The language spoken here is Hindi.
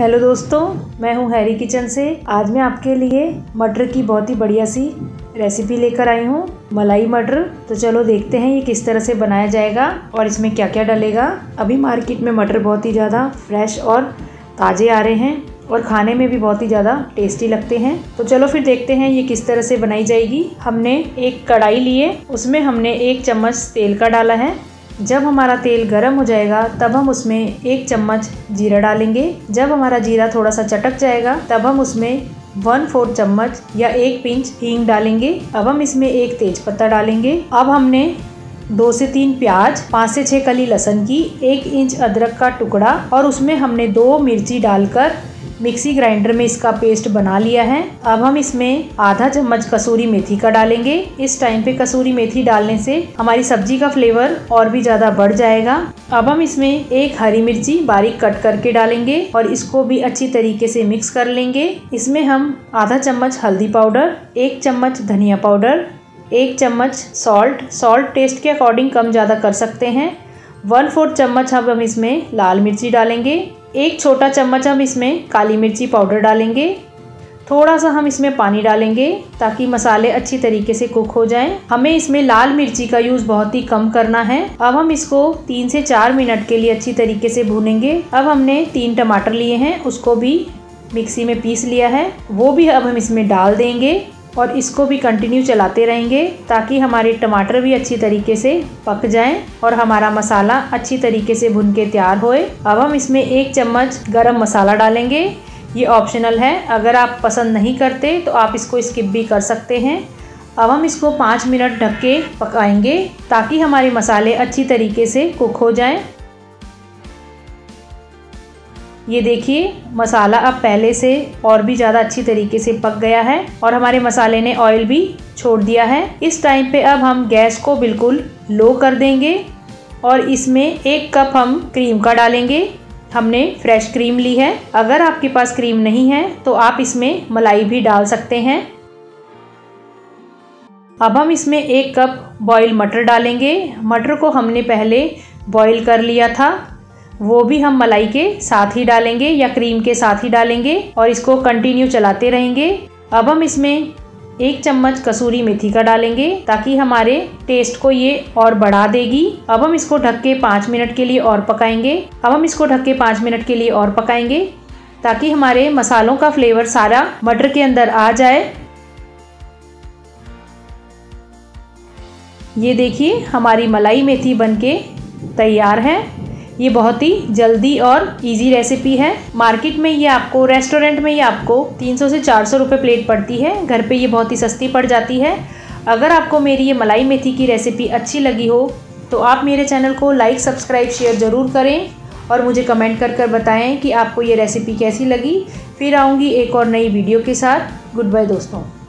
हेलो दोस्तों मैं हूं हैरी किचन से आज मैं आपके लिए मटर की बहुत ही बढ़िया सी रेसिपी लेकर आई हूं मलाई मटर तो चलो देखते हैं ये किस तरह से बनाया जाएगा और इसमें क्या क्या डलेगा अभी मार्केट में मटर बहुत ही ज़्यादा फ्रेश और ताज़े आ रहे हैं और खाने में भी बहुत ही ज़्यादा टेस्टी लगते हैं तो चलो फिर देखते हैं ये किस तरह से बनाई जाएगी हमने एक कढ़ाई लिए उसमें हमने एक चम्मच तेल का डाला है जब हमारा तेल गर्म हो जाएगा तब हम उसमें एक चम्मच जीरा डालेंगे जब हमारा जीरा थोड़ा सा चटक जाएगा तब हम उसमें वन फोर्थ चम्मच या एक पिंच हींग डालेंगे अब हम इसमें एक तेज पत्ता डालेंगे अब हमने दो से तीन प्याज पाँच से छः कली लहसन की एक इंच अदरक का टुकड़ा और उसमें हमने दो मिर्ची डालकर मिक्सी ग्राइंडर में इसका पेस्ट बना लिया है अब हम इसमें आधा चम्मच कसूरी मेथी का डालेंगे इस टाइम पे कसूरी मेथी डालने से हमारी सब्जी का फ्लेवर और भी ज़्यादा बढ़ जाएगा अब हम इसमें एक हरी मिर्ची बारीक कट करके डालेंगे और इसको भी अच्छी तरीके से मिक्स कर लेंगे इसमें हम आधा चम्मच हल्दी पाउडर एक चम्मच धनिया पाउडर एक चम्मच सॉल्ट सॉल्ट टेस्ट के अकॉर्डिंग कम ज़्यादा कर सकते हैं वन फोर्थ चम्मच हम हम इसमें लाल मिर्ची डालेंगे एक छोटा चम्मच हम इसमें काली मिर्ची पाउडर डालेंगे थोड़ा सा हम इसमें पानी डालेंगे ताकि मसाले अच्छी तरीके से कुक हो जाएं। हमें इसमें लाल मिर्ची का यूज़ बहुत ही कम करना है अब हम इसको तीन से चार मिनट के लिए अच्छी तरीके से भूनेंगे अब हमने तीन टमाटर लिए हैं उसको भी मिक्सी में पीस लिया है वो भी अब हम इसमें डाल देंगे और इसको भी कंटिन्यू चलाते रहेंगे ताकि हमारे टमाटर भी अच्छी तरीके से पक जाएं और हमारा मसाला अच्छी तरीके से भुन के तैयार होए अब हम इसमें एक चम्मच गरम मसाला डालेंगे ये ऑप्शनल है अगर आप पसंद नहीं करते तो आप इसको स्किप भी कर सकते हैं अब हम इसको पाँच मिनट ढक के पकाएंगे ताकि हमारे मसाले अच्छी तरीके से कुक हो जाएं ये देखिए मसाला अब पहले से और भी ज़्यादा अच्छी तरीके से पक गया है और हमारे मसाले ने ऑयल भी छोड़ दिया है इस टाइम पे अब हम गैस को बिल्कुल लो कर देंगे और इसमें एक कप हम क्रीम का डालेंगे हमने फ्रेश क्रीम ली है अगर आपके पास क्रीम नहीं है तो आप इसमें मलाई भी डाल सकते हैं अब हम इसमें एक कप बॉयल मटर डालेंगे मटर को हमने पहले बॉयल कर लिया था वो भी हम मलाई के साथ ही डालेंगे या क्रीम के साथ ही डालेंगे और इसको कंटिन्यू चलाते रहेंगे अब हम इसमें एक चम्मच कसूरी मेथी का डालेंगे ताकि हमारे टेस्ट को ये और बढ़ा देगी अब हम इसको ढक के पाँच मिनट के लिए और पकाएंगे अब हम इसको ढक के पाँच मिनट के लिए और पकाएंगे ताकि हमारे मसालों का फ्लेवर सारा मटर के अंदर आ जाए ये देखिए हमारी मलाई मेथी बनके तैयार है ये बहुत ही जल्दी और इजी रेसिपी है मार्केट में ये आपको रेस्टोरेंट में ये आपको 300 से 400 रुपए प्लेट पड़ती है घर पे ये बहुत ही सस्ती पड़ जाती है अगर आपको मेरी ये मलाई मेथी की रेसिपी अच्छी लगी हो तो आप मेरे चैनल को लाइक सब्सक्राइब शेयर ज़रूर करें और मुझे कमेंट कर कर बताएँ कि आपको ये रेसिपी कैसी लगी फिर आऊँगी एक और नई वीडियो के साथ गुड बाय दोस्तों